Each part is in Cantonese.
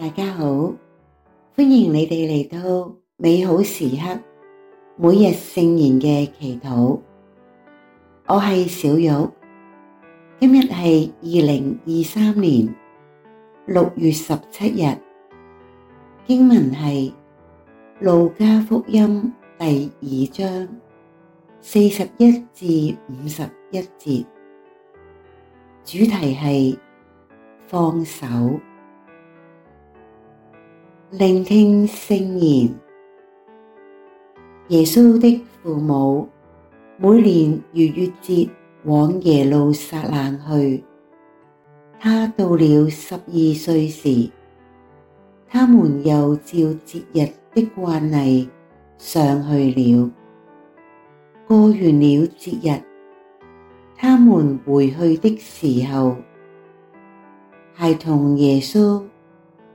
大家好，歡迎你哋嚟到美好時刻每日聖言嘅祈禱。我係小玉，今日係二零二三年六月十七日，經文係路加福音第二章四十一至五十一節，主題係放手。聆聽聖言，耶穌的父母每年逾越節往耶路撒冷去。他到了十二歲時，他們又照節日的慣例上去了。過完了節日，他們回去的時候，孩童耶穌。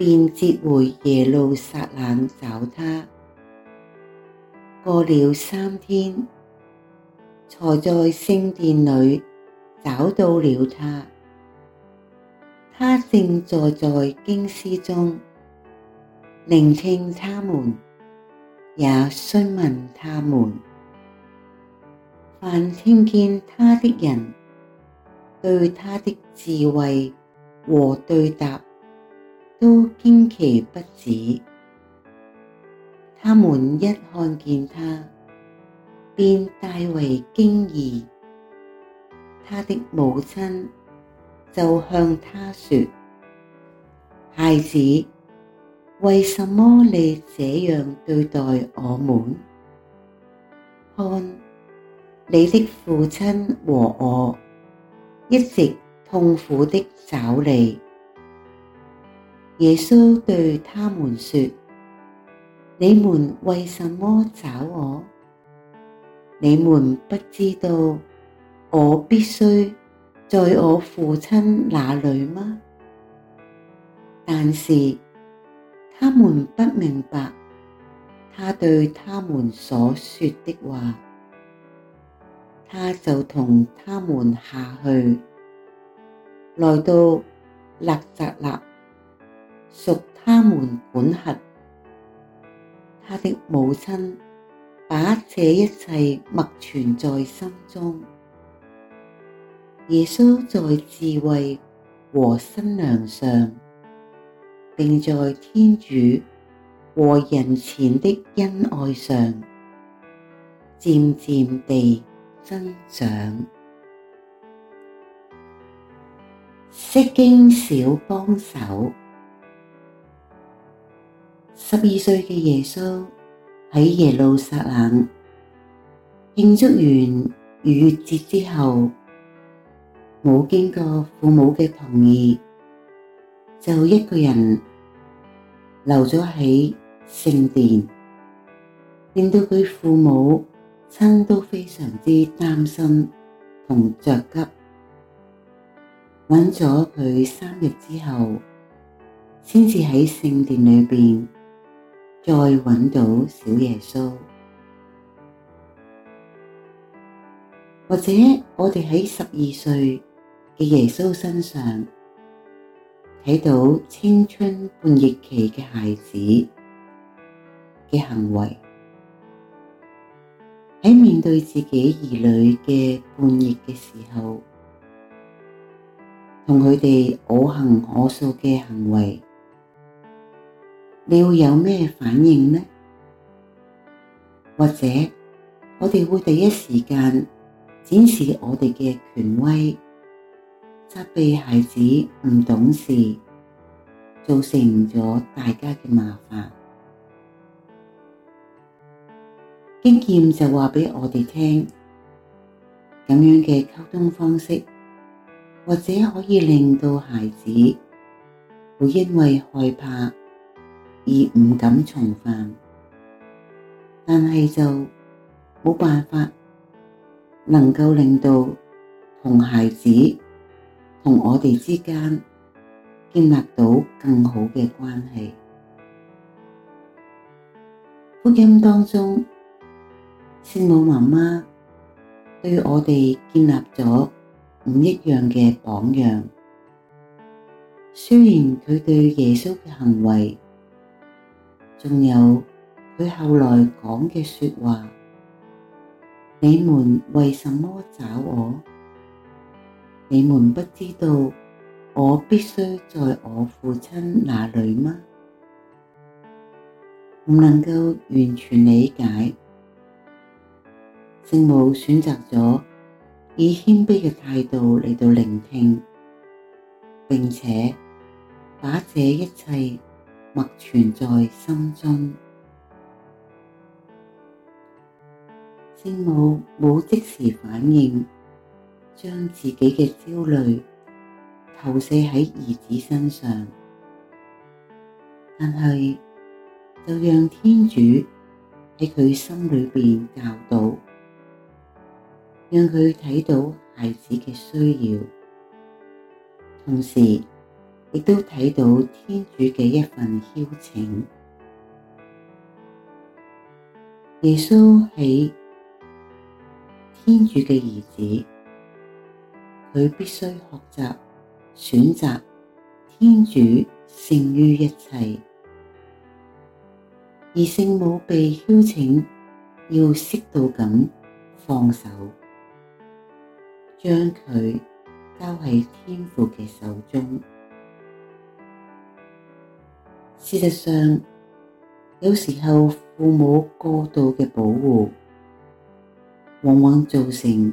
便折回耶路撒冷找他，過了三天，才在聖殿裡找到了他。他正坐在經師中，聆聽他們，也詢問他們，凡聽見他的人，對他的智慧和對答。都驚奇不止，他們一看見他，便大為驚異。他的母親就向他說：孩子，為什麼你這樣對待我們？看，你的父親和我，一直痛苦的找你。耶穌對他們說：你們為什麼找我？你們不知道我必須在我父親那裏嗎？但是，他們不明白他對他們所說的話。他就同他們下去，來到納匝肋。屬他們管轄，他的母親把這一切默存在心中。耶穌在智慧和身量上，並在天主和人前的恩愛上，漸漸地增長。釋經小幫手。十二歲嘅耶穌喺耶路撒冷慶祝完逾越節之後，冇經過父母嘅同意，就一個人留咗喺聖殿，令到佢父母親都非常之擔心同着急，揾咗佢三日之後，先至喺聖殿裏邊。再揾到小耶穌，或者我哋喺十二歲嘅耶穌身上睇到青春叛逆期嘅孩子嘅行為，喺面對自己兒女嘅叛逆嘅時候，同佢哋我行我素嘅行為。你會有咩反應呢？或者我哋會第一時間展示我哋嘅權威，責備孩子唔懂事，造成咗大家嘅麻煩。經驗就話俾我哋聽，咁樣嘅溝通方式，或者可以令到孩子會因為害怕。而唔敢重犯，但係就冇辦法能夠令到同孩子同我哋之間建立到更好嘅關係。福音當中，聖母媽媽對我哋建立咗唔一樣嘅榜樣。雖然佢對耶穌嘅行為，仲有佢後來講嘅說話，你們為什麼找我？你們不知道我必須在我父親那裡嗎？唔能夠完全理解，聖母選擇咗以謙卑嘅態度嚟到聆聽，並且把這一切。默存在心中，聖母冇即時反應，將自己嘅焦慮投射喺兒子身上，但係就讓天主喺佢心裏邊教導，讓佢睇到孩子嘅需要，同時。亦都睇到天主嘅一份邀請，耶穌係天主嘅兒子，佢必須學習選擇天主勝於一切，而聖母被邀請要適度咁放手，將佢交喺天父嘅手中。事實上，有時候父母過度嘅保護，往往造成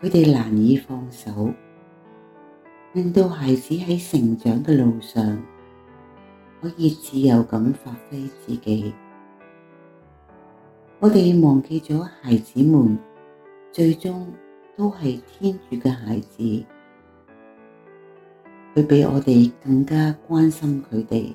佢哋難以放手，令到孩子喺成長嘅路上可以自由咁發揮自己。我哋忘記咗，孩子們最終都係天主嘅孩子，佢比我哋更加關心佢哋。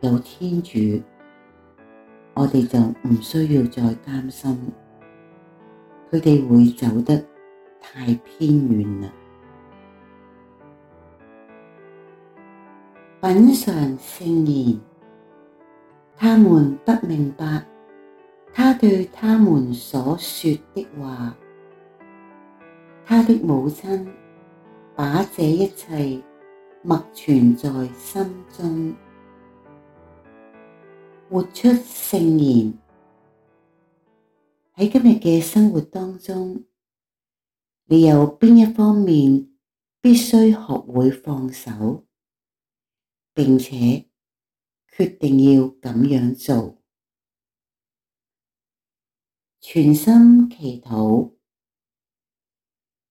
有天主，我哋就唔需要再擔心，佢哋會走得太偏遠啦。品嘗聖言，他們不明白他對他們所說的話，他的母親把這一切默存在心中。活出聖言，喺今日嘅生活當中，你有邊一方面必須學會放手，並且決定要咁樣做？全心祈禱，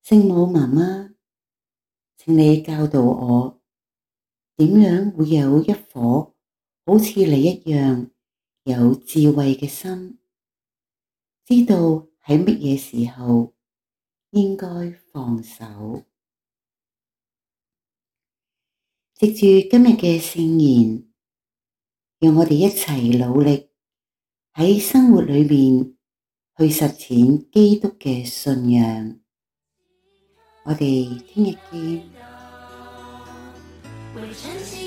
聖母媽媽，請你教導我點樣會有一顆。好似你一樣有智慧嘅心，知道喺乜嘢時候應該放手。藉住今日嘅聖言，讓我哋一齊努力喺生活裏面去實踐基督嘅信仰。我哋聽日見。